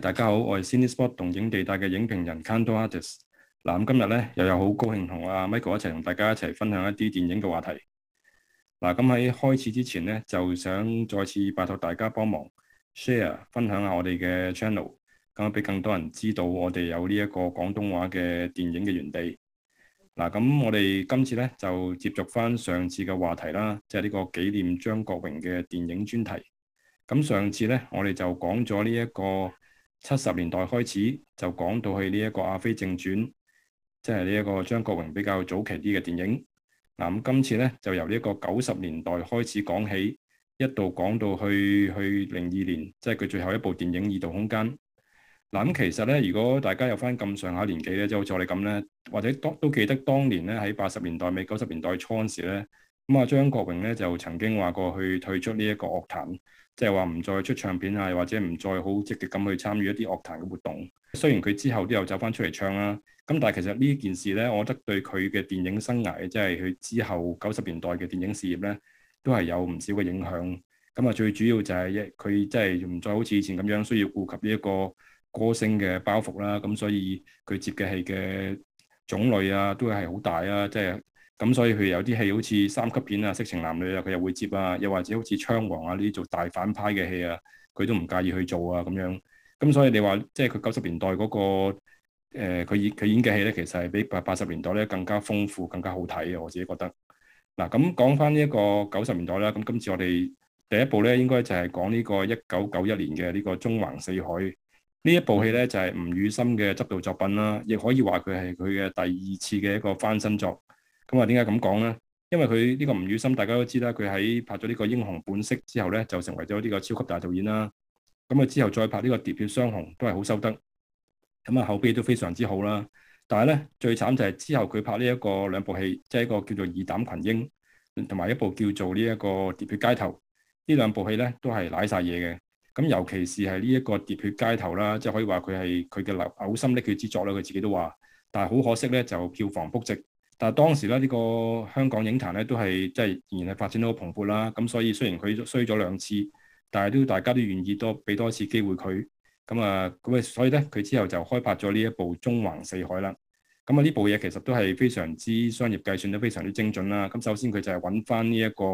大家好，我係 Cinespot 動映地帶嘅影評人 Kantorates 嗱，今日咧又有好高興同阿 Michael 一齊同大家一齊分享一啲電影嘅話題嗱。咁喺開始之前咧，就想再次拜託大家幫忙 share 分享，分享下我哋嘅 channel，咁俾更多人知道我哋有呢一個廣東話嘅電影嘅原地嗱。咁我哋今次咧就接續翻上，上次嘅話題啦，即係呢個紀念張國榮嘅電影專題。咁上次咧，我哋就講咗呢一個。七十年代開始就講到去呢一個《阿飛正傳》，即係呢一個張國榮比較早期啲嘅電影。嗱、啊、咁今次咧就由呢一個九十年代開始講起，一度講到去去零二年，即係佢最後一部電影《異度空間》啊。嗱咁其實咧，如果大家有翻咁上下年紀咧，即係好似我哋咁咧，或者當都，都記得當年咧喺八十年代尾九十年代初時咧，咁啊張國榮咧就曾經話過去退出呢一個樂壇。即係話唔再出唱片啊，或者唔再好積極咁去參與一啲樂壇嘅活動。雖然佢之後都有走翻出嚟唱啦，咁但係其實呢件事呢，我覺得對佢嘅電影生涯，即係佢之後九十年代嘅電影事業呢，都係有唔少嘅影響。咁啊，最主要就係一佢即係唔再好似以前咁樣需要顧及呢一個歌星嘅包袱啦。咁所以佢接嘅戲嘅種類啊，都係好大啊，即係。咁所以佢有啲戲好似三級片啊、色情男女啊，佢又會接啊；又或者好似槍王啊呢啲做大反派嘅戲啊，佢都唔介意去做啊咁樣。咁所以你話即係佢九十年代嗰、那個佢、呃、演佢演嘅戲咧，其實係比八八十年代咧更加豐富、更加好睇嘅、啊。我自己覺得嗱，咁講翻呢一個九十年代啦。咁今次我哋第一部咧，應該就係講呢個一九九一年嘅呢、這個縱橫四海呢一部戲咧，就係、是、吳宇森嘅執導作品啦、啊，亦可以話佢係佢嘅第二次嘅一個翻身作。咁啊，點解咁講咧？因為佢呢個吳宇森，大家都知啦，佢喺拍咗呢個《英雄本色》之後咧，就成為咗呢個超級大導演啦。咁啊，之後再拍呢、這個《喋血雙雄》，都係好收得。咁啊，後邊都非常之好啦。但係咧，最慘就係之後佢拍呢一個兩部戲，即、就、係、是、一個叫做《義膽群英》，同埋一部叫做呢、這、一個《喋血街頭》。兩戲呢兩部戲咧，都係瀨晒嘢嘅。咁尤其是係呢一個《喋血街頭》啦，即係可以話佢係佢嘅流嘔心瀝血之作啦。佢自己都話，但係好可惜咧，就票房仆直。但係當時咧，呢、這個香港影壇咧都係即係仍然係發展得好蓬勃啦。咁、嗯、所以雖然佢衰咗兩次，但係都大家都願意多俾多一次機會佢。咁、嗯、啊，咁、嗯、啊，所以咧，佢之後就開拍咗呢一部《縱橫四海》啦。咁、嗯、啊，呢部嘢其實都係非常之商業計算得非常之精準啦。咁、嗯、首先佢就係揾翻呢一個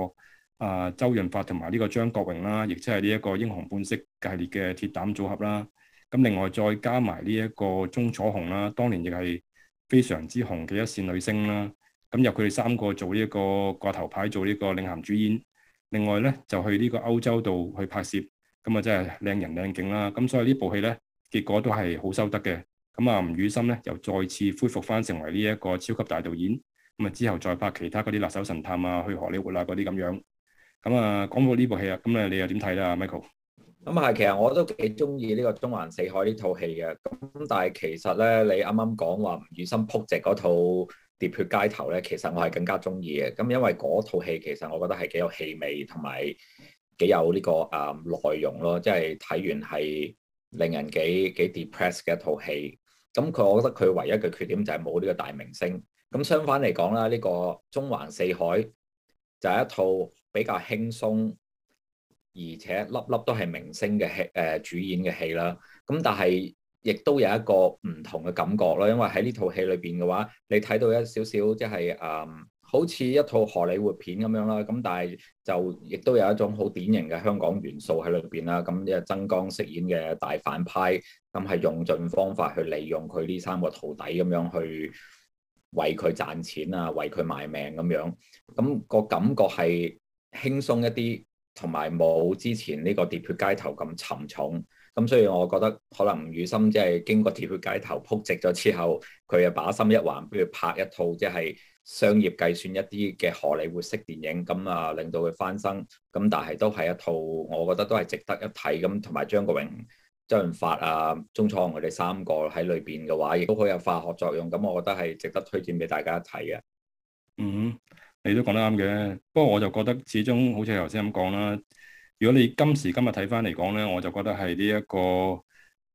啊、呃、周潤發同埋呢個張國榮啦，亦即係呢一個英雄本色系列嘅鐵膽組合啦。咁、嗯、另外再加埋呢一個鍾楚紅啦，當年亦係。非常之紅嘅一線女星啦，咁由佢哋三個做呢一個掛頭牌，做呢個領銜主演。另外咧，就去呢個歐洲度去拍攝，咁啊真係靚人靚景啦。咁所以呢部戲咧，結果都係好收得嘅。咁啊吳宇森咧，又再次恢復翻成為呢一個超級大導演。咁啊之後再拍其他嗰啲辣手神探啊、去荷里活啊嗰啲咁樣。咁啊講到呢部戲啊，咁咧你又點睇啦，Michael？咁係，其實我都幾中意呢個《縱橫四海》呢套戲嘅。咁但係其實咧，你啱啱講話吳宇森撲直嗰套《喋血街頭》咧，其實我係更加中意嘅。咁因為嗰套戲其實我覺得係幾有氣味同埋幾有呢、這個誒、嗯、內容咯，即係睇完係令人幾幾 depress 嘅一套戲。咁、嗯、佢，我覺得佢唯一嘅缺點就係冇呢個大明星。咁、嗯、相反嚟講啦，呢、這個《縱橫四海》就係、是、一套比較輕鬆。而且粒粒都係明星嘅戲，誒、呃、主演嘅戲啦。咁但係亦都有一個唔同嘅感覺啦，因為喺呢套戲裏邊嘅話，你睇到一少少即係誒，好似一套荷里活片咁樣啦。咁但係就亦都有一種好典型嘅香港元素喺裏邊啦。咁、嗯、即係曾江飾演嘅大反派，咁、嗯、係用盡方法去利用佢呢三個徒弟咁樣去為佢賺錢啊，為佢賣命咁樣。咁、嗯、個感覺係輕鬆一啲。同埋冇之前呢個喋血街頭咁沉重，咁所以我覺得可能吳宇森即係經過喋血街頭撲直咗之後，佢又把心一橫，不如拍一套即係商業計算一啲嘅荷里活式電影，咁啊令到佢翻生。咁但係都係一套我覺得都係值得一睇。咁同埋張國榮、周潤發啊、鍾楚紅，佢哋三個喺裏邊嘅話，亦都好有化學作用。咁我覺得係值得推薦俾大家一睇嘅。嗯。你都講得啱嘅，不過我就覺得始終好似頭先咁講啦。如果你今時今日睇翻嚟講咧，我就覺得係呢一個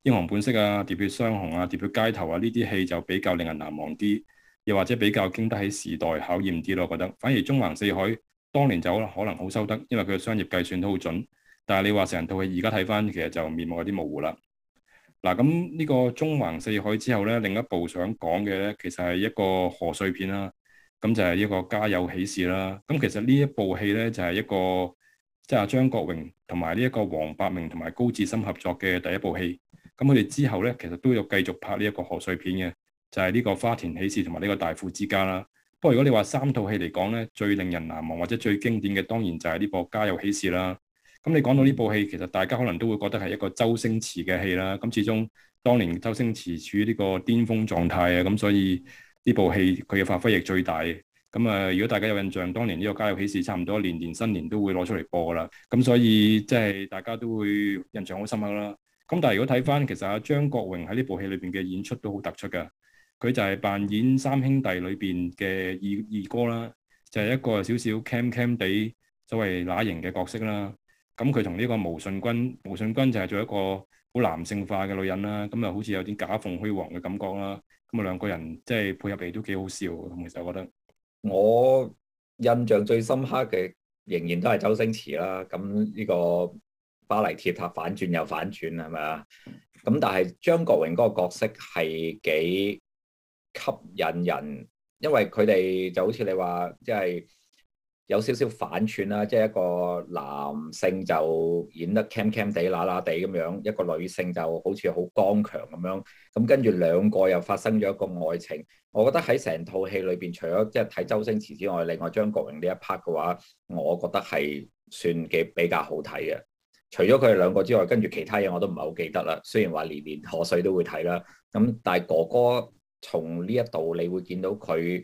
英雄本色啊、喋血雙雄啊、喋血街頭啊呢啲戲就比較令人難忘啲，又或者比較經得起時代考驗啲咯。我覺得反而縱橫四海當年就啦，可能好收得，因為佢嘅商業計算都好準。但係你話成套戲而家睇翻，其實就面目有啲模糊啦。嗱，咁呢個縱橫四海之後咧，另一部想講嘅咧，其實係一個賀歲片啦、啊。咁就係一、這個家有喜事啦。咁其實呢一部戲呢，就係、是、一個即係、就是、張國榮同埋呢一個黃百鳴同埋高志森合作嘅第一部戲。咁佢哋之後呢，其實都有繼續拍呢一個賀歲片嘅，就係、是、呢、這個《花田喜事》同埋呢個《大富之家》啦。不過如果你話三套戲嚟講呢，最令人難忘或者最經典嘅，當然就係呢部《家有喜事》啦。咁你講到呢部戲，其實大家可能都會覺得係一個周星馳嘅戲啦。咁始終當年周星馳處於呢個巔峰狀態啊，咁所以，呢部戲佢嘅發揮亦最大嘅，咁啊，如果大家有印象，當年呢個家有囍事差唔多年年新年都會攞出嚟播啦，咁所以即係大家都會印象好深刻啦。咁但係如果睇返，其實阿、啊、張國榮喺呢部戲裏邊嘅演出都好突出噶，佢就係扮演三兄弟裏邊嘅二二哥啦，就係、是、一個少少 cam cam 地所謂乸型嘅角色啦。咁佢同呢個毛舜筠，毛舜筠就係做一個好男性化嘅女人啦，咁啊好似有啲假鳳虛凰嘅感覺啦。咁啊，兩個人即係、就是、配合嚟都幾好笑，其實我覺得我印象最深刻嘅仍然都係周星馳啦。咁呢個巴黎鐵塔反轉又反轉係咪啊？咁但係張國榮嗰個角色係幾吸引人，因為佢哋就好似你話即係。就是有少少反串啦，即係一個男性就演得 cam cam 地乸乸地咁樣，一個女性就好似好剛強咁樣，咁跟住兩個又發生咗一個愛情。我覺得喺成套戲裏邊，除咗即係睇周星馳之外，另外張國榮呢一 part 嘅話，我覺得係算嘅比較好睇嘅。除咗佢哋兩個之外，跟住其他嘢我都唔係好記得啦。雖然話年年賀歲都會睇啦，咁但係哥哥從呢一度你會見到佢。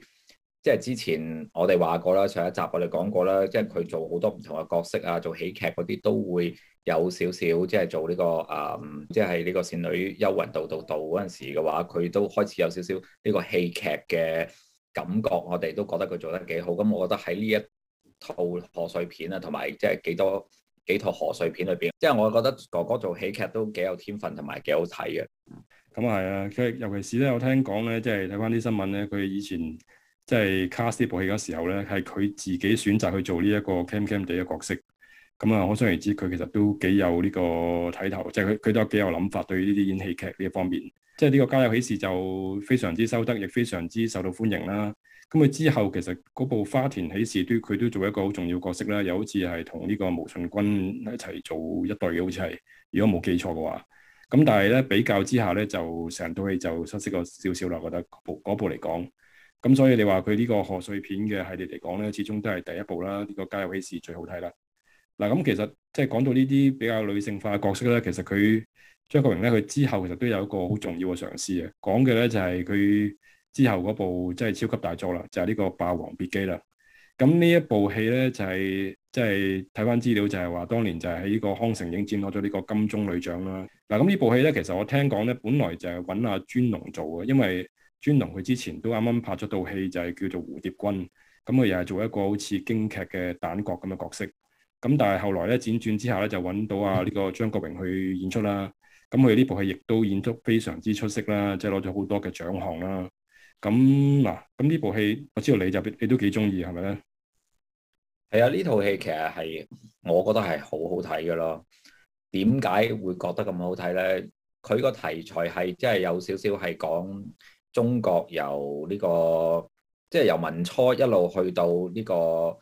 即係之前我哋話過啦，上一集我哋講過啦，即係佢做好多唔同嘅角色啊，做喜劇嗰啲都會有少少，即係做呢、呢個啊、嗯，即係呢個倩女幽魂度度度嗰陣時嘅話，佢都開始有少少呢個戲劇嘅感覺，我哋都覺得佢做得幾好。咁、嗯、我覺得喺呢一套賀歲片啊，同埋即係幾多幾套賀歲片裏邊，即係我覺得哥哥做喜劇都幾有天分，同埋幾好睇嘅。咁啊係啊，即係尤其是咧，我聽講咧，即係睇翻啲新聞咧，佢以前。即係卡士呢部戲嗰時候咧，係佢自己選擇去做呢一個 cam cam 地嘅角色。咁啊，可想而知佢其實都幾有呢個睇頭，即係佢佢都有幾有諗法對於呢啲演戲劇呢一方面。即係呢個家有喜事就非常之收得，亦非常之受到歡迎啦。咁佢之後其實嗰部花田喜事都佢都做一個好重要角色啦，又好似係同呢個毛舜筠一齊做一對嘅，好似係，如果冇記錯嘅話。咁但係咧，比較之下咧，就成套戲就失色咗少少啦。我覺得部嗰部嚟講。咁所以你話佢呢個賀歲片嘅系列嚟講咧，始終都係第一部啦，呢、呢個《家有喜事》最好睇啦。嗱、啊，咁其實即係講到呢啲比較女性化角色咧，其實佢張國榮咧，佢之後其實都有一個好重要嘅嘗試啊。講嘅咧就係佢之後嗰部即係超級大作啦，就係、是、呢個《霸王別姬》啦。咁呢一部戲咧就係即係睇翻資料就係話，當年就係喺呢個康城影展攞咗呢個金棕櫚獎啦。嗱、啊，咁呢部戲咧，其實我聽講咧，本來就係揾阿尊龍做嘅，因為。尊龍佢之前都啱啱拍咗套戲就係叫做蝴蝶君，咁佢又係做一個好似京劇嘅旦角咁嘅角色，咁但係後來咧輾轉之下咧就揾到啊，呢個張國榮去演出啦，咁佢呢部戲亦都演出非常之出色啦，即係攞咗好多嘅獎項啦。咁嗱，咁呢部戲我知道你就你都幾中意係咪咧？係啊，呢套戲其實係我覺得係好好睇噶咯。點解會覺得咁好睇咧？佢個題材係即係有少少係講。中國由呢、這個即係由民初一路去到呢個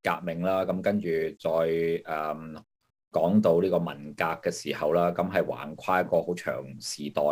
革命啦，咁跟住再誒、嗯、講到呢個文革嘅時候啦，咁係橫跨一個好長時代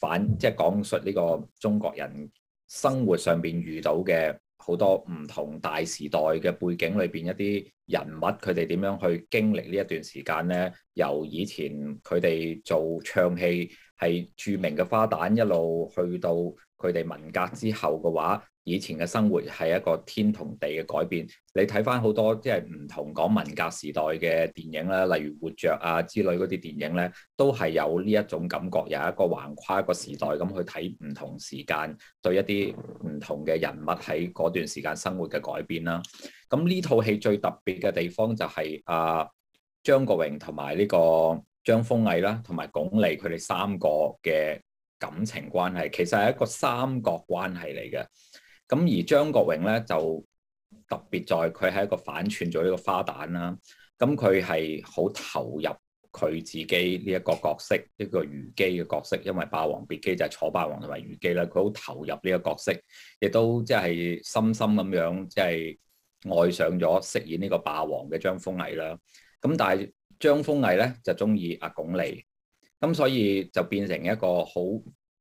反，即係講述呢個中國人生活上面遇到嘅，好多唔同大時代嘅背景裏邊一啲人物，佢哋點樣去經歷呢一段時間呢？由以前佢哋做唱戲係著名嘅花旦，一路去到佢哋文革之後嘅話。以前嘅生活係一個天同地嘅改變你。你睇翻好多即係唔同講文革時代嘅電影啦，例如《活着》啊之類嗰啲電影咧，都係有呢一種感覺，有一個橫跨一個時代咁去睇唔同時間對一啲唔同嘅人物喺嗰段時間生活嘅改變啦。咁呢套戲最特別嘅地方就係、是、啊，張國榮同埋呢個張豐毅啦，同埋鞏俐佢哋三個嘅感情關係，其實係一個三角關係嚟嘅。咁而張國榮咧就特別在佢係一個反串咗呢個花旦啦，咁佢係好投入佢自己呢一個角色，一個虞姬嘅角色，因為霸王別姬就係楚霸王同埋虞姬啦，佢好投入呢個角色，亦都即係深深咁樣即係愛上咗飾演呢個霸王嘅張豐毅啦。咁但係張豐毅咧就中意阿鞏俐，咁所以就變成一個好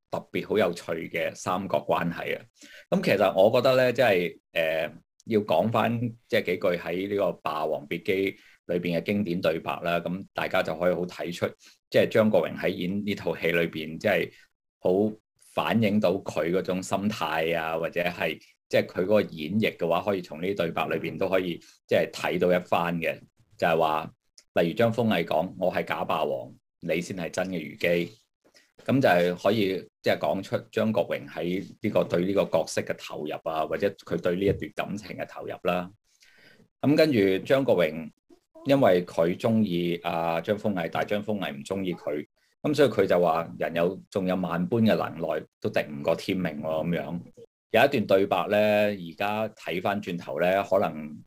特別好有趣嘅三角關係啊！咁其實我覺得咧，即係誒要講翻即係幾句喺呢個《霸王別姬》裏邊嘅經典對白啦。咁大家就可以好睇出，即係張國榮喺演呢套戲裏邊，即係好反映到佢嗰種心態啊，或者係即係佢嗰個演繹嘅話，可以從呢啲對白裏邊都可以即係睇到一番嘅。就係話，例如張豐毅講：我係假霸王，你先係真嘅虞姬。咁就係可以。即係講出張國榮喺呢個對呢個角色嘅投入啊，或者佢對呢一段感情嘅投入啦、啊。咁、嗯、跟住張國榮，因為佢中意阿張豐毅，但係張豐毅唔中意佢，咁、嗯、所以佢就話人有仲有萬般嘅能耐，都敵唔過天命咁、啊、樣。有一段對白咧，而家睇翻轉頭咧，可能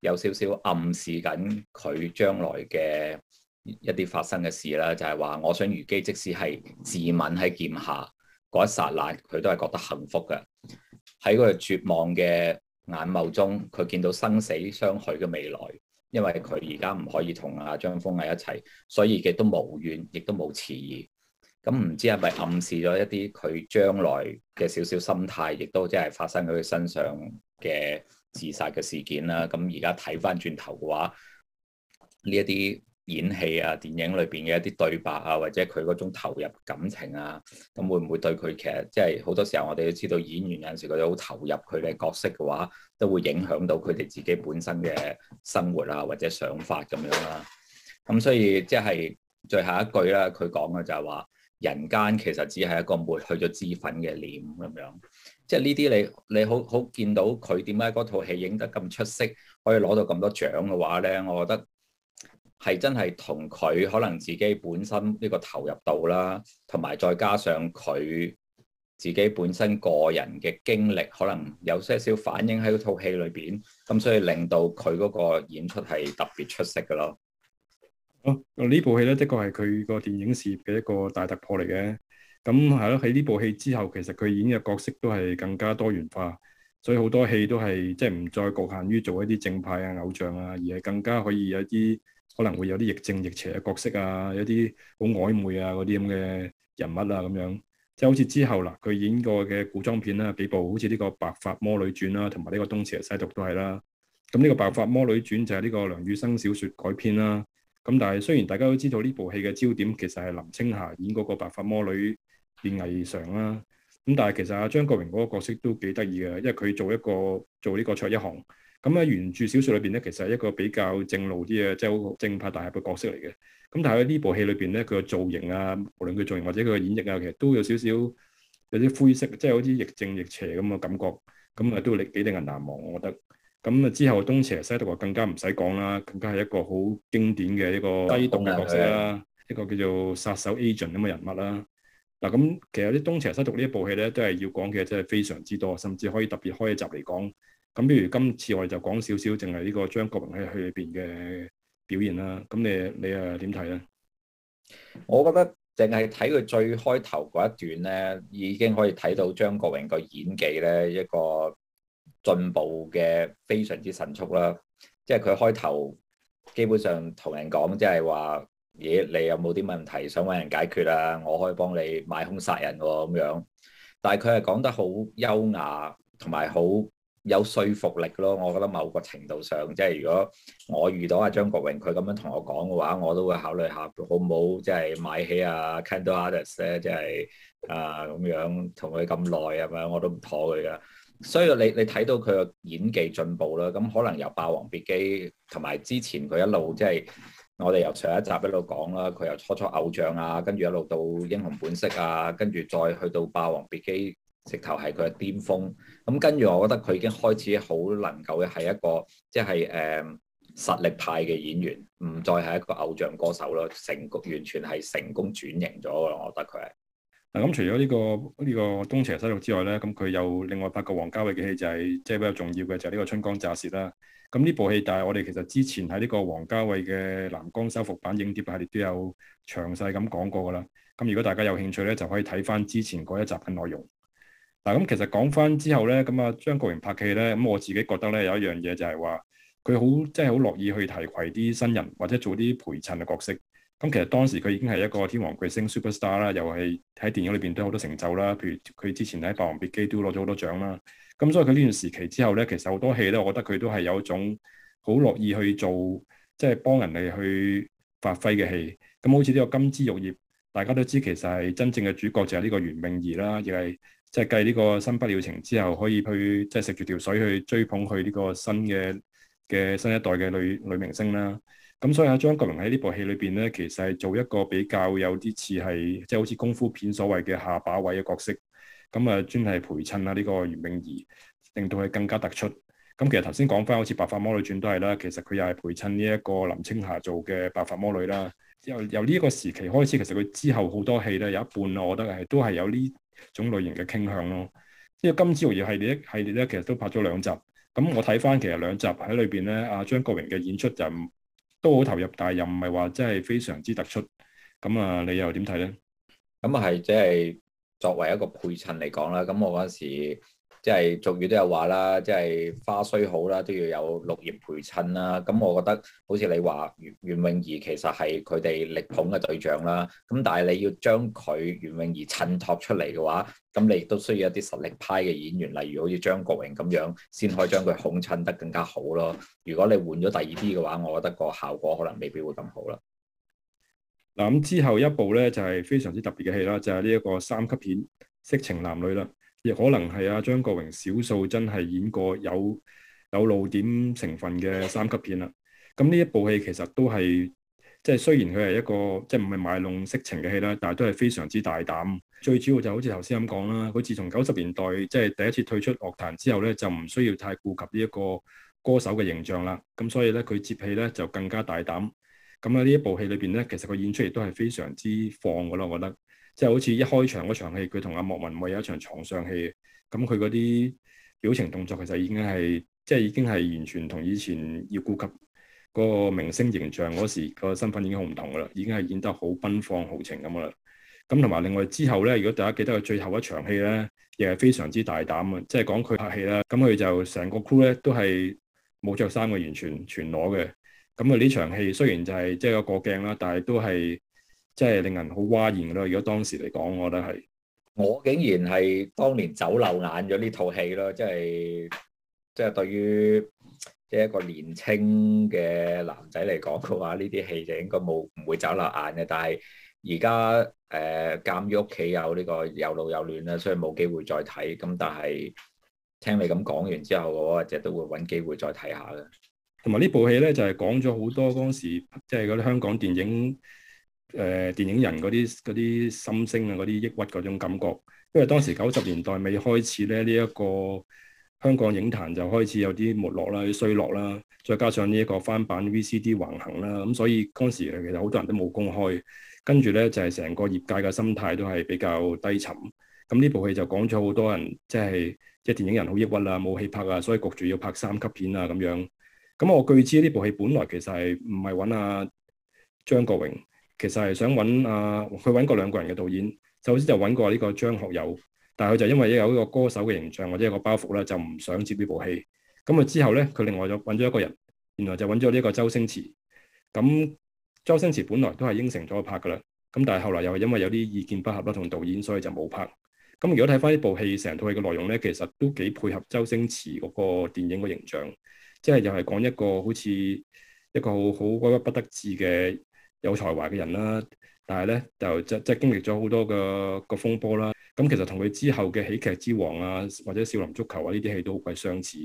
有少少暗示緊佢將來嘅一啲發生嘅事啦。就係、是、話我想虞姬，即使係自刎喺劍下。嗰一剎那，佢都係覺得幸福嘅。喺佢個絕望嘅眼眸中，佢見到生死相許嘅未來。因為佢而家唔可以同阿張峰喺一齊，所以亦都無怨，亦都冇遲疑。咁唔知係咪暗示咗一啲佢將來嘅少少心態，亦都即係發生喺佢身上嘅自殺嘅事件啦。咁而家睇返轉頭嘅話，呢一啲。演戲啊，電影裏邊嘅一啲對白啊，或者佢嗰種投入感情啊，咁會唔會對佢其實即係好多時候，我哋都知道演員有陣時佢哋好投入佢嘅角色嘅話，都會影響到佢哋自己本身嘅生活啊，或者想法咁樣啦、啊。咁所以即係最後一句啦，佢講嘅就係話，人間其實只係一個抹去咗脂粉嘅臉咁樣。即係呢啲你你好好見到佢點解嗰套戲影得咁出色，可以攞到咁多獎嘅話咧，我覺得。係真係同佢可能自己本身呢個投入度啦，同埋再加上佢自己本身個人嘅經歷，可能有些少反映喺套戲裏邊，咁所以令到佢嗰個演出係特別出色嘅咯。啊，呢部戲咧，的確係佢個電影事業嘅一個大突破嚟嘅。咁係咯，喺呢部戲之後，其實佢演嘅角色都係更加多元化，所以好多戲都係即係唔再局限於做一啲正派啊、偶像啊，而係更加可以有啲。可能會有啲亦正亦邪嘅角色啊，有啲好曖昧啊嗰啲咁嘅人物啊咁樣，即係好似之後啦，佢演過嘅古裝片啦幾部，好似呢個《白髮魔女傳》啦、啊，同埋呢個《東邪西毒》都係啦、啊。咁、嗯、呢、這個《白髮魔女傳》就係、是、呢個梁羽生小説改編啦、啊。咁但係雖然大家都知道呢部戲嘅焦點其實係林青霞演嗰個白髮魔女練霓裳啦。咁但係其實阿張國榮嗰個角色都幾得意嘅，因為佢做一個做呢個卓一航，咁、嗯、喺原著小説裏邊咧，其實係一個比較正路啲嘅，即、就、係、是、好正派大俠嘅角色嚟嘅。咁但係喺呢部戲裏邊咧，佢嘅造型啊，無論佢造型或者佢嘅演繹啊，其實都有少少有啲灰色，即、就、係、是、好似亦正亦邪咁嘅感覺。咁、嗯、啊，都令幾令人難忘，我覺得。咁、嗯、啊，之後東邪西毒啊，更加唔使講啦，更加係一個好經典嘅一個低棟嘅角色啦，一個叫做殺手 agent 咁嘅人物啦。嗯嗱咁、啊，其實啲東邪西毒呢一部戲咧，都係要講嘅，真係非常之多，甚至可以特別開一集嚟講。咁，譬如今次我哋就講少少，淨係呢個張國榮喺佢裏邊嘅表現啦。咁你你又點睇咧？我覺得淨係睇佢最開頭嗰一段咧，已經可以睇到張國榮個演技咧一個進步嘅非常之迅速啦。即係佢開頭基本上同人講，即係話。嘢，你有冇啲問題想揾人解決啊？我可以幫你買兇殺人喎、哦，咁樣。但係佢係講得好優雅，同埋好有說服力咯。我覺得某個程度上，即係如果我遇到阿張國榮，佢咁樣同我講嘅話，我都會考慮下，好唔好即係買起啊 Kantorates 咧，即係啊咁樣同佢咁耐咁樣，我都唔妥佢噶。所以你你睇到佢嘅演技進步啦，咁可能由《霸王別姬》同埋之前佢一路即係。我哋由上一集一路講啦，佢由初初偶像啊，跟住一路到英雄本色啊，跟住再去到霸王別姬，直頭係佢嘅巔峰。咁跟住，我覺得佢已經開始好能夠嘅係一個，即係誒實力派嘅演員，唔再係一個偶像歌手咯，成完全係成功轉型咗嘅咯。我覺得佢係嗱，咁，除咗呢個呢個東邪西毒之外咧，咁佢有另外八個王家衛嘅戲就係即係比較重要嘅，就係呢個春光乍泄啦。咁呢部戲，但係我哋其實之前喺呢個王家衛嘅藍光修復版影碟系列都有詳細咁講過噶啦。咁如果大家有興趣咧，就可以睇翻之前嗰一集嘅內容。嗱，咁其實講翻之後咧，咁啊張國榮拍戲咧，咁我自己覺得咧，有一樣嘢就係話，佢好即係好樂意去提携啲新人，或者做啲陪襯嘅角色。咁其實當時佢已經係一個天王巨星 superstar 啦，又係喺電影裏邊都有好多成就啦。譬如佢之前喺《霸王別姬》都攞咗好多獎啦。咁所以佢呢段時期之後咧，其實好多戲咧，我覺得佢都係有一種好樂意去做，即係幫人哋去發揮嘅戲。咁好似呢個《金枝玉葉》，大家都知其實係真正嘅主角就係呢個袁詠儀啦，亦係即係繼呢個《新不了情》之後，可以去即係食住條水去追捧佢呢個新嘅嘅新一代嘅女女明星啦。咁所以阿張國榮喺呢部戲裏邊咧，其實係做一個比較有啲似係即係好似功夫片所謂嘅下把位嘅角色，咁啊專係陪襯啊呢個袁詠儀，令到佢更加突出。咁其實頭先講翻好似《白髮魔女傳》都係啦，其實佢又係陪襯呢一個林青霞做嘅《白髮魔女》啦。由由呢一個時期開始，其實佢之後好多戲咧有一半，我覺得係都係有呢種類型嘅傾向咯。因為《金枝玉葉》系列系列咧，其實都拍咗兩集。咁我睇翻其實兩集喺裏邊咧，阿、啊、張國榮嘅演出就是都好投入，但係又唔係話真係非常之突出。咁啊，你又點睇咧？咁啊，係即係作為一個配襯嚟講啦。咁我嗰時。即係俗語都有話啦，即、就、係、是、花雖好啦，都要有綠葉陪襯啦。咁我覺得，好似你話袁袁詠儀其實係佢哋力捧嘅對象啦。咁但係你要將佢袁詠儀襯托出嚟嘅話，咁你亦都需要一啲實力派嘅演員，例如好似張國榮咁樣，先可以將佢烘襯得更加好咯。如果你換咗第二啲嘅話，我覺得個效果可能未必會咁好啦。嗱，咁之後一部咧就係、是、非常之特別嘅戲啦，就係呢一個三級片《色情男女》啦。亦可能係啊，張國榮少數真係演過有有露點成分嘅三級片啦。咁呢一部戲其實都係即係雖然佢係一個即係唔係賣弄色情嘅戲啦，但係都係非常之大膽。最主要就好似頭先咁講啦，佢自從九十年代即係、就是、第一次退出樂壇之後咧，就唔需要太顧及呢一個歌手嘅形象啦。咁所以咧，佢接戲咧就更加大膽。咁喺呢一部戲裏邊咧，其實佢演出亦都係非常之放嘅咯，我覺得。即係好似一開場嗰場戲，佢同阿莫文蔚有一場床上戲，咁佢嗰啲表情動作其實已經係即係已經係完全同以前要顧及個明星形象嗰時個身份已經好唔同噶啦，已經係演得好奔放豪情咁噶啦。咁同埋另外之後咧，如果大家記得佢最後一場戲咧，亦係非常之大膽啊！即係講佢拍戲啦，咁佢就成個 cool 咧都係冇着衫嘅，完全全裸嘅。咁佢呢場戲雖然就係即係個過鏡啦，但係都係。即係令人好嘩然咯！如果當時嚟講，我覺得係我竟然係當年走漏眼咗呢套戲咯，即係即係對於即係一個年青嘅男仔嚟講嘅話，呢啲戲就應該冇唔會走漏眼嘅。但係而家，呃，這個，鑒於屋企有呢個有老有嫩啦，所以冇機會再睇。咁但係聽你咁講完之後，我就都會揾機會再睇下嘅。同埋呢部戲咧，就係講咗好多嗰陣時，即係嗰啲香港電影。誒、呃、電影人嗰啲啲心聲啊，嗰啲抑鬱嗰種感覺，因為當時九十年代尾開始咧，呢、這、一個香港影壇就開始有啲沒落啦、衰落啦，再加上呢一個翻版 VCD 橫行啦，咁所以當時其實好多人都冇公開，跟住咧就係、是、成個業界嘅心態都係比較低沉。咁呢部戲就講咗好多人，就是、即係即係電影人好抑鬱啊，冇戲拍啊，所以焗住要拍三級片啊咁樣。咁我據知呢部戲本來其實係唔係揾阿張國榮。其實係想揾阿佢揾過兩個人嘅導演，首先就揾過呢個張學友，但係佢就因為有一個歌手嘅形象或者一個包袱咧，就唔想接呢部戲。咁啊之後呢，佢另外就揾咗一個人，原來就揾咗呢個周星馳。咁周星馳本來都係應承咗拍㗎啦，咁但係後來又係因為有啲意見不合啦，同導演所以就冇拍。咁如果睇翻呢部戲成套戲嘅內容呢，其實都幾配合周星馳嗰個電影嘅形象，即係又係講一個好似一個好好鬱鬱不得志嘅。有才華嘅人啦，但係咧就即即經歷咗好多個個風波啦。咁其實同佢之後嘅喜劇之王啊，或者少林足球啊呢啲戲都好鬼相似。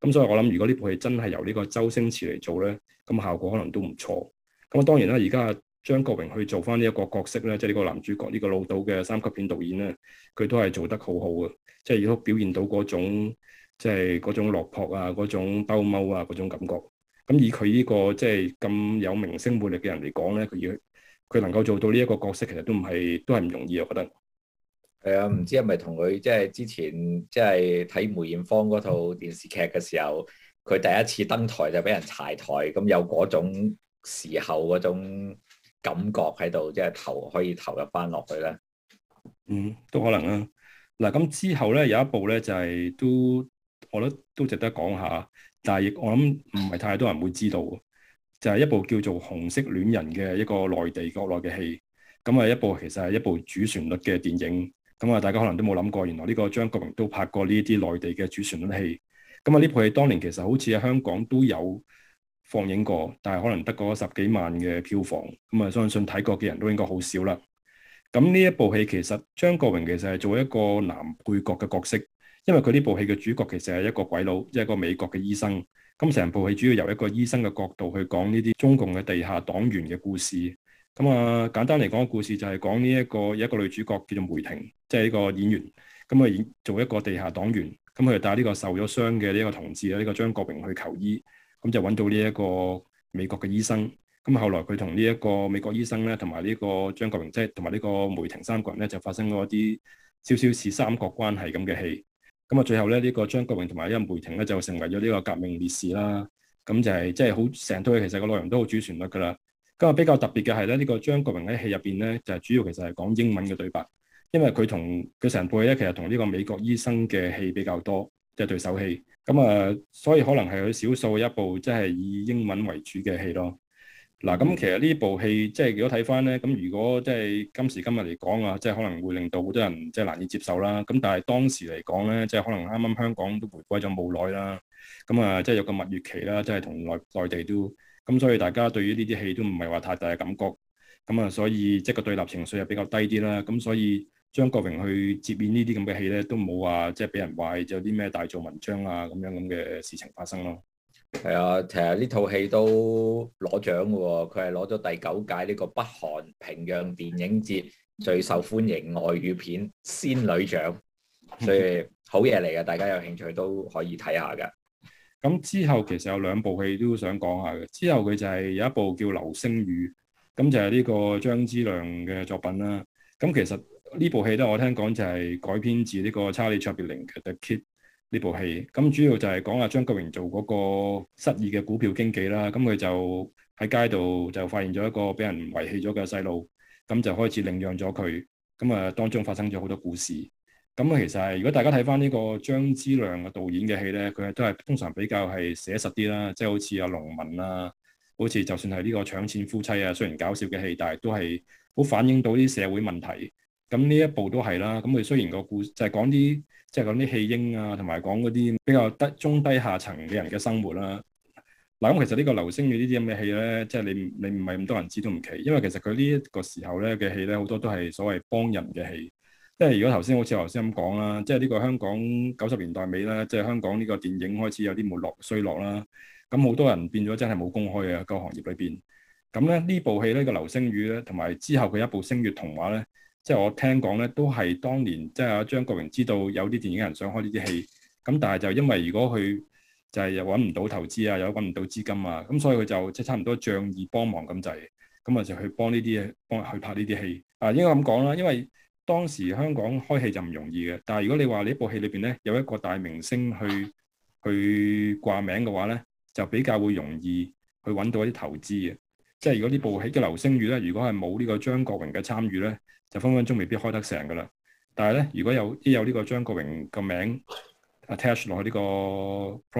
咁所以我諗，如果呢部戲真係由呢個周星馳嚟做咧，咁效果可能都唔錯。咁啊當然啦，而家張國榮去做翻呢一個角色咧，即係呢個男主角呢個老賭嘅三級片導演咧，佢都係做得好好啊，即係亦都表現到嗰種即係嗰種落魄啊，嗰種兜踎啊嗰種感覺。咁以佢呢個即係咁有明星魅力嘅人嚟講咧，佢要佢能夠做到呢一個角色，其實都唔係都係唔容易，我覺得係啊。嗯，唔知係咪同佢即係之前即係睇梅艷芳嗰套電視劇嘅時候，佢第一次登台就俾人柴台，咁有嗰種時候嗰種感覺喺度，即係投可以投入翻落去咧。嗯，都可能啊。嗱，咁之後咧有一部咧就係都我覺得都值得講下。但係我諗唔係太多人會知道，就係一部叫做《紅色戀人》嘅一個內地國內嘅戲，咁啊一部其實係一部主旋律嘅電影，咁啊大家可能都冇諗過，原來呢個張國榮都拍過呢啲內地嘅主旋律戲，咁啊呢部戲當年其實好似喺香港都有放映過，但係可能得嗰十幾萬嘅票房，咁啊相信睇過嘅人都應該好少啦。咁呢一部戲其實張國榮其實係做一個男配角嘅角色。因為佢呢部戲嘅主角其實係一個鬼佬，即係一個美國嘅醫生。咁成部戲主要由一個醫生嘅角度去講呢啲中共嘅地下黨員嘅故事。咁啊，簡單嚟講個故事就係講呢一個有一個女主角叫做梅婷，即係一個演員。咁啊，做一個地下黨員，咁佢就帶呢個受咗傷嘅呢個同志啊，呢個張國榮去求醫。咁就揾到呢一個美國嘅醫生。咁後來佢同呢一個美國醫生咧，同埋呢個張國榮即係同埋呢個梅婷三個人咧，就發生咗一啲少少似三角關係咁嘅戲。咁啊，最後咧，呢、呢個張國榮同埋呢個梅婷咧，就成為咗呢個革命烈士啦。咁就係即係好成套戲，就係、其實個內容都好主旋律噶啦。咁啊，比較特別嘅係咧，呢、呢個張國榮喺戲入邊咧，就係、係、主要其實係講英文嘅對白，因為佢同佢成輩咧，其實同呢個美國醫生嘅戲比較多，就係、對手戲。咁啊，所以可能係佢少數一部即係、就係、以英文為主嘅戲咯。嗱，咁其實呢部戲即係如果睇返咧，咁如果即係今時今日嚟講啊，即係可能會令到好多人即係難以接受啦。咁但係當時嚟講咧，即係可能啱啱香港都回歸咗冇耐啦，咁啊，即係有個蜜月期啦，即係同內內地都，咁，所以大家對於呢啲戲都唔係話太大嘅感覺，咁啊，所以即係個對立情緒又比較低啲啦。咁所以張國榮去接演這這呢啲咁嘅戲咧，都冇話即係俾人話有啲咩大做文章啊，咁樣咁嘅事情發生咯。係啊，其實呢套戲都攞獎嘅，佢係攞咗第九屆呢個北韓平壤電影節最受歡迎外語片仙女獎，所以好嘢嚟嘅，大家有興趣都可以睇下嘅。咁之後其實有兩部戲都想講下嘅，之後佢就係有一部叫流星語，咁就係呢個張之亮嘅作品啦。咁其實呢部戲咧，我聽講就係改編自呢個查理卓別林嘅 The Kid。呢部戲咁主要就係講阿張國榮做嗰個失意嘅股票經紀啦，咁佢就喺街度就發現咗一個俾人遺棄咗嘅細路，咁就開始領養咗佢。咁啊，當中發生咗好多故事。咁其實係，如果大家睇翻呢個張之亮嘅導演嘅戲咧，佢都係通常比較係寫實啲啦，即係好似阿籠民啊，好似就算係呢個搶錢夫妻啊，雖然搞笑嘅戲，但係都係好反映到啲社會問題。咁呢一部都係啦，咁佢雖然個故事，就係講啲。即係講啲棄嬰啊，同埋講嗰啲比較低中低下層嘅人嘅生活啦。嗱，咁其實呢個流星雨呢啲咁嘅戲咧，即係你你唔係咁多人知都唔奇，因為其實佢呢一個時候咧嘅戲咧，好多都係所謂幫人嘅戲。即係如果頭先好似我頭先咁講啦，即係呢個香港九十年代尾啦，即係香港呢個電影開始有啲沒落衰落啦。咁好多人變咗真係冇公開啊，喺個行業裏邊。咁咧呢部戲呢，戲呢個流星雨咧，同埋之後佢一部《星月童話》呢咧。即係我聽講咧，都係當年即係阿張國榮知道有啲電影人想開呢啲戲，咁但係就因為如果佢就係又揾唔到投資啊，又揾唔到資金啊，咁所以佢就即係差唔多仗義幫忙咁就，咁啊就去幫呢啲，嘢，幫佢去拍呢啲戲。啊，應該咁講啦，因為當時香港開戲就唔容易嘅，但係如果你話呢部戲裏邊咧有一個大明星去去掛名嘅話咧，就比較會容易去揾到一啲投資嘅。即係如果呢部戲嘅《流星語》咧，如果係冇呢個張國榮嘅參與咧，就分分鐘未必開得成嘅啦，但係咧，如果有依有呢個張國榮個名 attach 落去呢個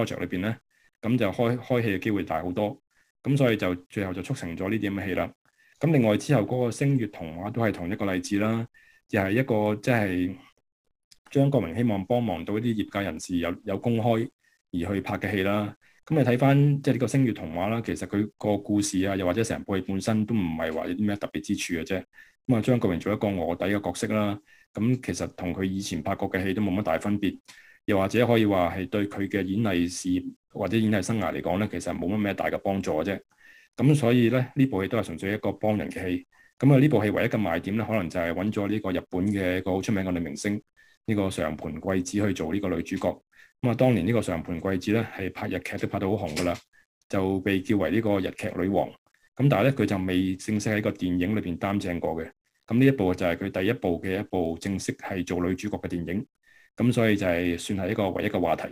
project 裏邊咧，咁就開開戲嘅機會大好多，咁所以就最後就促成咗呢啲咁嘅戲啦。咁另外之後嗰個星月童話都係同一個例子啦，就係一個即係張國榮希望幫忙到一啲業界人士有有公開而去拍嘅戲啦。咁你睇翻即係呢個星月童話啦，其實佢個故事啊，又或者成部戲本身都唔係話有啲咩特別之處嘅啫。咁、嗯、啊，張國榮做一個臥底嘅角色啦，咁其實同佢以前拍過嘅戲都冇乜大分別，又或者可以話係對佢嘅演藝事業或者演藝生涯嚟講咧，其實冇乜咩大嘅幫助嘅啫。咁、嗯、所以咧，呢部戲都係純粹一個幫人嘅戲。咁啊，呢部戲唯一嘅賣點咧，可能就係揾咗呢個日本嘅一個好出名嘅女明星呢、呢個常盤貴子去做呢個女主角。咁啊，當年呢個常盤貴子咧，係拍日劇都拍到好紅噶啦，就被叫為呢個日劇女王。咁但係咧，佢就未正式喺個電影裏邊擔正過嘅。咁呢一部就係佢第一部嘅一部正式係做女主角嘅電影。咁所以就係算係一個唯一嘅話題。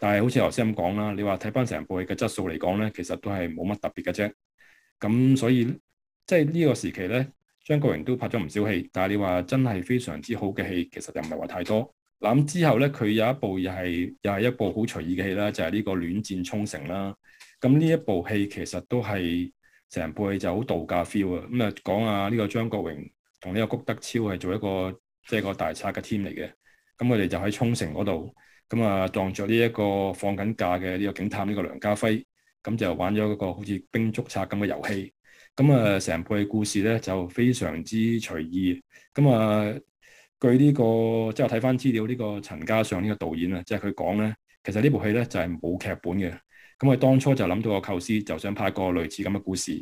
但係好似頭先咁講啦，你話睇返成部戲嘅質素嚟講咧，其實都係冇乜特別嘅啫。咁所以即係呢個時期咧，張國榮都拍咗唔少戲，但係你話真係非常之好嘅戲，其實又唔係話太多。嗱咁之後咧，佢有一部又係又係一部好隨意嘅戲啦，就係、是、呢、這個《戀戰沖繩》啦。咁呢一部戲其實都係成部就好度假 feel 啊。咁、嗯、啊，講啊呢個張國榮同呢個谷德昭係做一個即係、就是、個大賊嘅 team 嚟嘅。咁佢哋就喺沖繩嗰度，咁、嗯、啊撞咗呢一個放緊假嘅呢個警探呢個梁家輝，咁、嗯、就玩咗一個好似兵捉賊咁嘅遊戲。咁、嗯、啊，成部嘅故事咧就非常之隨意。咁、嗯、啊～據呢個即係我睇翻資料，呢個陳嘉上呢個導演啊，即係佢講咧，其實呢部戲咧就係冇劇本嘅。咁佢當初就諗到個構思，就想拍個類似咁嘅故事。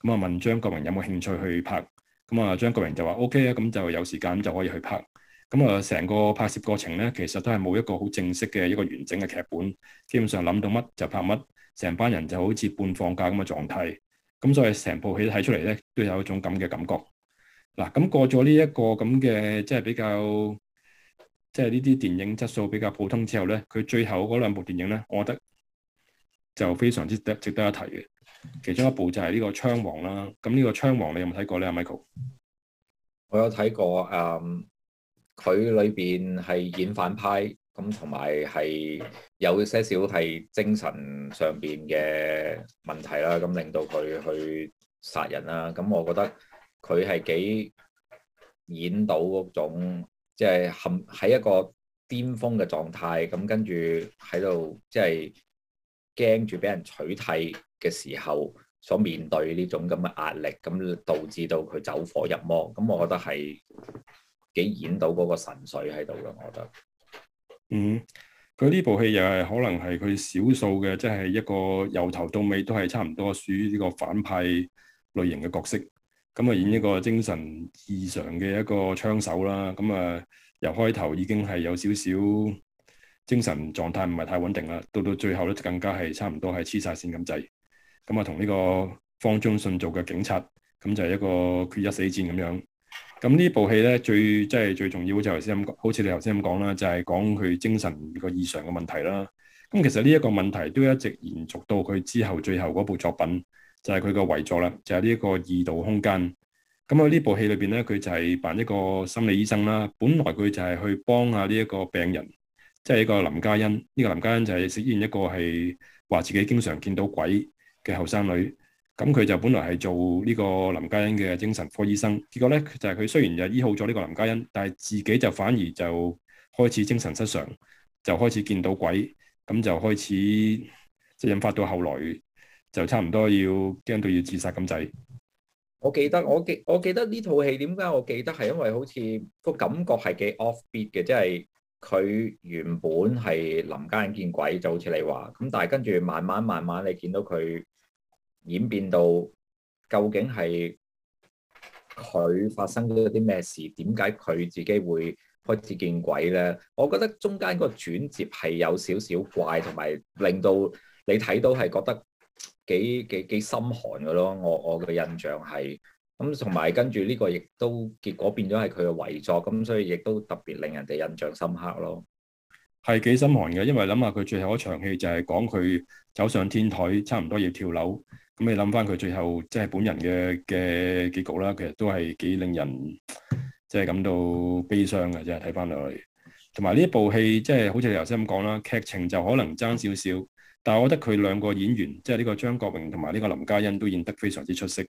咁啊，問張國榮有冇興趣去拍？咁啊，張國榮就話 O K 啊，咁就有時間就可以去拍。咁啊，成個拍攝過程咧，其實都係冇一個好正式嘅一個完整嘅劇本。基本上諗到乜就拍乜，成班人就好似半放假咁嘅狀態。咁所以成部戲睇出嚟咧，都有一種咁嘅感覺。嗱，咁過咗呢一個咁嘅，即係比較，即係呢啲電影質素比較普通之後咧，佢最後嗰兩部電影咧，我覺得就非常之得值得一提嘅。其中一部就係呢個《鎗王》啦。咁呢個《鎗王》，你有冇睇過咧，Michael？我有睇過，誒、嗯，佢裏邊係演反派，咁同埋係有些少係精神上邊嘅問題啦，咁令到佢去殺人啦。咁我覺得。佢係幾演到嗰種，即係喺喺一個巔峰嘅狀態，咁跟住喺度，即係驚住俾人取締嘅時候，所面對呢種咁嘅壓力，咁導致到佢走火入魔。咁我覺得係幾演到嗰個神髓喺度嘅，我覺得。嗯，佢呢部戲又係可能係佢少數嘅，即係一個由頭到尾都係差唔多屬於呢個反派類型嘅角色。咁啊，演一個精神異常嘅一個槍手啦。咁啊，由開頭已經係有少少精神狀態唔係太穩定啦。到到最後咧，更加係差唔多係黐晒線咁滯。咁啊，同呢個方中信做嘅警察，咁就係一個決一死戰咁樣。咁呢部戲咧，最即係最重要就係頭先咁，好似你頭先咁講啦，就係、是、講佢精神個異常嘅問題啦。咁其實呢一個問題都一直延續到佢之後最後嗰部作品。就係佢個遺作啦，就係呢一個異度空間。咁喺呢部戲裏邊咧，佢就係扮一個心理醫生啦。本來佢就係去幫下呢一個病人，即係一個林嘉欣。呢個林嘉欣就係飾演一個係話自己經常見到鬼嘅後生女。咁佢就本來係做呢個林嘉欣嘅精神科醫生，結果咧就係佢雖然就醫好咗呢個林嘉欣，但係自己就反而就開始精神失常，就開始見到鬼，咁就開始即係引發到後來。就差唔多要驚到要自殺咁滯。我記得我記我記得呢套戲，點解我記得係因為好似個感覺係幾 offbeat 嘅，即係佢原本係林家人見鬼，就好似你話咁，但係跟住慢慢慢慢你見到佢演變到究竟係佢發生咗啲咩事？點解佢自己會開始見鬼咧？我覺得中間個轉折係有少少怪，同埋令到你睇到係覺得。幾幾幾心寒噶咯，我我嘅印象係咁，同、嗯、埋跟住呢個亦都結果變咗係佢嘅遺作，咁、嗯、所以亦都特別令人哋印象深刻咯。係幾心寒嘅，因為諗下佢最後一場戲就係講佢走上天台，差唔多要跳樓，咁你諗翻佢最後即係、就是、本人嘅嘅結局啦，其實都係幾令人即係、就是、感到悲傷嘅，即係睇翻落嚟。同埋呢部戲即係好似你頭先咁講啦，劇情就可能爭少少。但係我覺得佢兩個演員，即係呢個張國榮同埋呢個林嘉欣都演得非常之出色。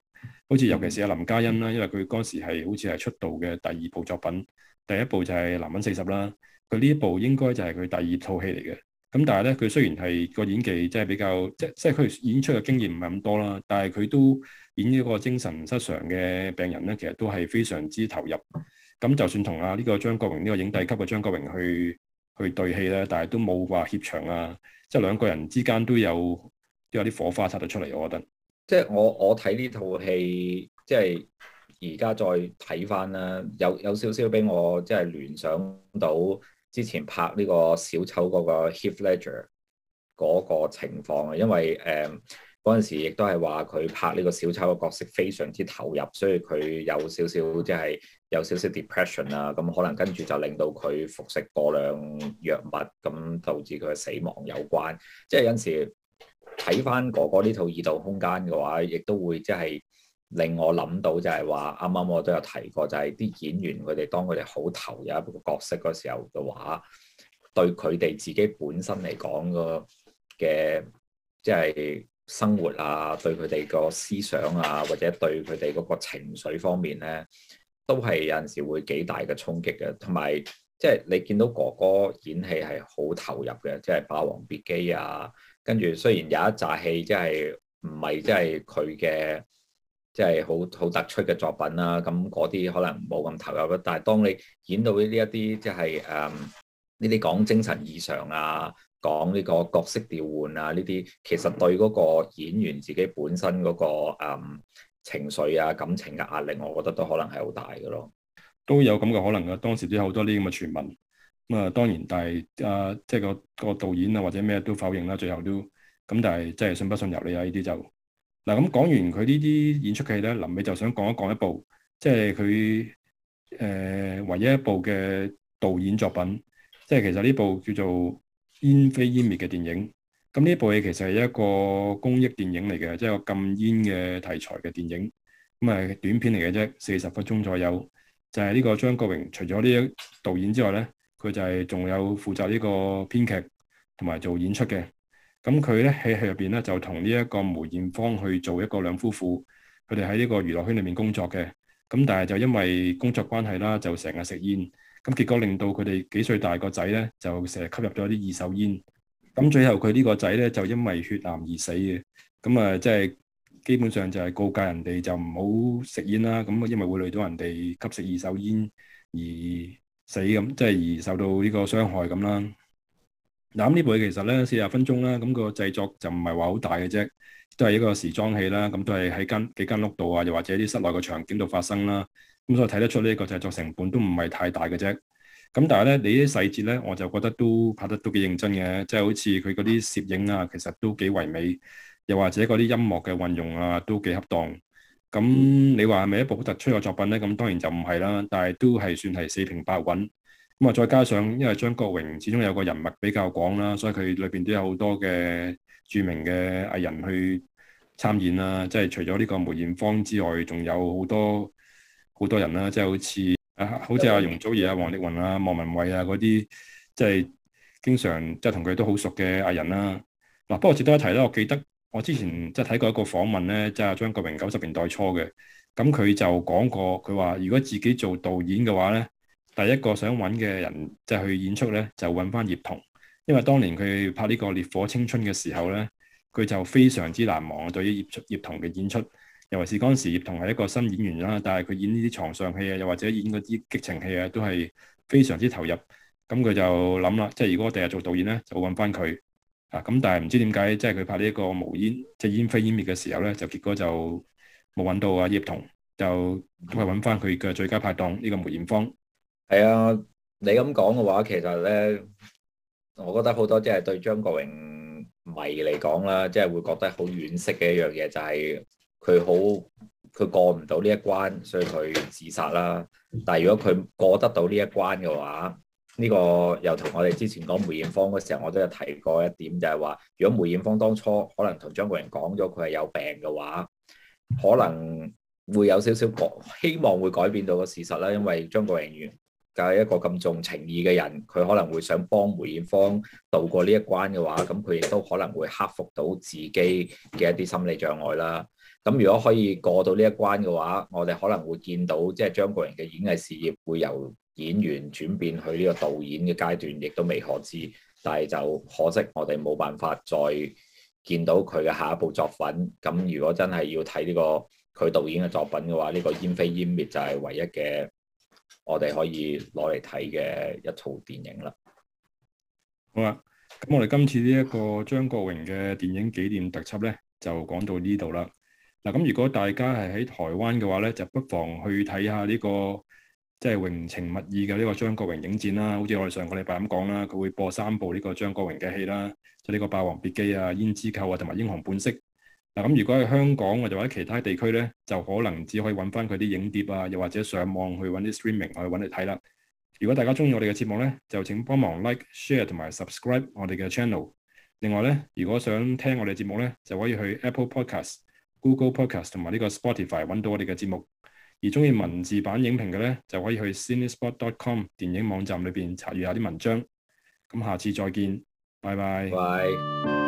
好似尤其是阿林嘉欣啦，因為佢嗰時係好似係出道嘅第二部作品，第一部就係、是《男人四十》啦。佢呢一部應該就係佢第二套戲嚟嘅。咁但係咧，佢雖然係個演技即係比較，即係即係佢演出嘅經驗唔係咁多啦，但係佢都演呢個精神失常嘅病人咧，其實都係非常之投入。咁就算同阿呢個張國榮呢、這個影帝級嘅張國榮去，去對戲咧，但係都冇話協場啊，即、就、係、是、兩個人之間都有都有啲火花擦到出嚟，我覺得即我。即係我我睇呢套戲，即係而家再睇翻啦，有有少少俾我即係聯想到之前拍呢個小丑嗰個 Heath Ledger 嗰個情況啊，因為誒。Uh, 嗰陣時亦都係話佢拍呢個小丑嘅角色非常之投入，所以佢有少少即係有少少 depression 啊，咁可能跟住就令到佢服食過量藥物，咁導致佢嘅死亡有關。即係有陣時睇翻哥哥呢套《異度空間》嘅話，亦都會即係令我諗到就係話，啱啱我都有提過，就係啲演員佢哋當佢哋好投入一個角色嗰時候嘅話，對佢哋自己本身嚟講個嘅即係。即係生活啊，對佢哋個思想啊，或者對佢哋嗰個情緒方面咧，都係有陣時會幾大嘅衝擊嘅。同埋即係你見到哥哥演戲係好投入嘅，即係《霸王別姬》啊。跟住雖然有一紮戲即係唔係即係佢嘅即係好好突出嘅作品啦、啊，咁嗰啲可能冇咁投入啦。但係當你演到呢一啲即係誒呢啲講精神異常啊～講呢個角色調換啊，呢啲其實對嗰個演員自己本身嗰、嗰個誒、嗯、情緒啊、感情嘅壓力，我覺得都可能係好大嘅咯。都有咁嘅可能啊。當時都有好多呢咁嘅傳聞。咁啊，當然但係啊，即係個個導演啊或者咩都否認啦。最後都咁，但係真係信不信由你啊？呢啲就嗱，咁講完佢呢啲演出戲咧，臨尾就想講一講一部，即係佢誒唯一一部嘅導演作品，即、就、係、是、其實呢部叫做。煙飛煙滅嘅電影，咁呢部戲其實係一個公益電影嚟嘅，即係個禁煙嘅題材嘅電影，咁啊短片嚟嘅啫，四十分鐘左右。就係呢個張國榮除咗呢一導演之外咧，佢就係仲有負責呢個編劇同埋做演出嘅。咁佢咧喺戲入邊咧就同呢一個梅艷芳去做一個兩夫婦，佢哋喺呢個娛樂圈裏面工作嘅。咁但係就因為工作關係啦，就成日食煙。咁結果令到佢哋幾歲大個仔咧，就成日吸入咗啲二手煙。咁最後佢呢個仔咧，就因為血癌而死嘅。咁啊，即係基本上就係告誡人哋就唔好食煙啦。咁因為會累到人哋吸食二手煙而死咁，即係而受到呢個傷害咁啦。嗱，呢部戲其實咧四十分鐘啦，咁個製作就唔係話好大嘅啫，都係一個時裝戲啦。咁都係喺間幾間屋度啊，又或者啲室內個場景度發生啦。咁所以睇得出呢一個製作成本都唔係太大嘅啫。咁但係咧，你啲細節咧，我就覺得都拍得都幾認真嘅，即係好似佢嗰啲攝影啊，其實都幾唯美，又或者嗰啲音樂嘅運用啊，都幾恰當。咁你話係咪一部好突出嘅作品咧？咁當然就唔係啦，但係都係算係四平八穩。咁啊，再加上因為張國榮始終有個人脈，比較廣啦，所以佢裏邊都有好多嘅著名嘅藝人去參演啦。即係除咗呢個梅艷芳之外，仲有好多。好多人啦，即係好似啊，好似阿容祖兒、阿王力宏啊、莫文蔚啊嗰啲，即係經常即係同佢都好熟嘅藝人啦。嗱，不過值得一提啦，我記得我之前即係睇過一個訪問咧，即係阿張國榮九十年代初嘅，咁佢就講過，佢話如果自己做導演嘅話咧，第一個想揾嘅人即係去演出咧，就揾翻葉童，因為當年佢拍呢個《烈火青春》嘅時候咧，佢就非常之難忘啊，對於葉葉童嘅演出。尤其是嗰陣時，葉童係一個新演員啦，但係佢演呢啲床上戲啊，又或者演嗰啲激情戲啊，都係非常之投入。咁佢就諗啦，即係如果第日做導演咧，就揾翻佢啊。咁但係唔知點解，即係佢拍呢、這、一個無煙，即係煙飛煙滅嘅時候咧，就結果就冇揾到啊。葉童就都係揾翻佢嘅最佳拍檔呢個梅艷芳。係啊，你咁講嘅話，其實咧，我覺得好多即係對張國榮迷嚟講啦，即、就、係、是、會覺得好惋惜嘅一樣嘢就係、是。佢好，佢過唔到呢一關，所以佢自殺啦。但係如果佢過得到呢一關嘅話，呢個又同我哋之前講梅艷芳嘅時候，我都有提過一點，就係話，如果梅艷芳當初可能同張國榮講咗佢係有病嘅話，可能會有少少希望會改變到個事實啦。因為張國榮原就係一個咁重情義嘅人，佢可能會想幫梅艷芳渡過呢一關嘅話，咁佢亦都可能會克服到自己嘅一啲心理障礙啦。咁如果可以過到呢一關嘅話，我哋可能會見到即係張國榮嘅演藝事業會由演員轉變去呢個導演嘅階段，亦都未可知。但係就可惜，我哋冇辦法再見到佢嘅下一部作品。咁如果真係要睇呢個佢導演嘅作品嘅話，呢個煙飛煙滅就係唯一嘅我哋可以攞嚟睇嘅一套電影啦。好啦，咁我哋今次呢一個張國榮嘅電影紀念特輯咧，就講到呢度啦。嗱，咁如果大家係喺台灣嘅話咧，就不妨去睇下呢個即係榮情蜜意嘅呢個張國榮影展啦。好似我哋上個禮拜咁講啦，佢會播三部呢個張國榮嘅戲啦，就呢個《霸王別姬》啊，《胭脂扣》啊，同埋《英雄本色》。嗱，咁如果喺香港或者喺其他地區咧，就可能只可以揾翻佢啲影碟啊，又或者上網去揾啲 streaming 去揾嚟睇啦。如果大家中意我哋嘅節目咧，就請幫忙 like share 同埋 subscribe 我哋嘅 channel。另外咧，如果想聽我哋嘅節目咧，就可以去 Apple Podcast。Google Podcast 同埋呢個 Spotify 揾到我哋嘅節目，而中意文字版影評嘅咧，就可以去 CineSpot.com 電影網站裏邊查閲下啲文章。咁下次再見，拜拜。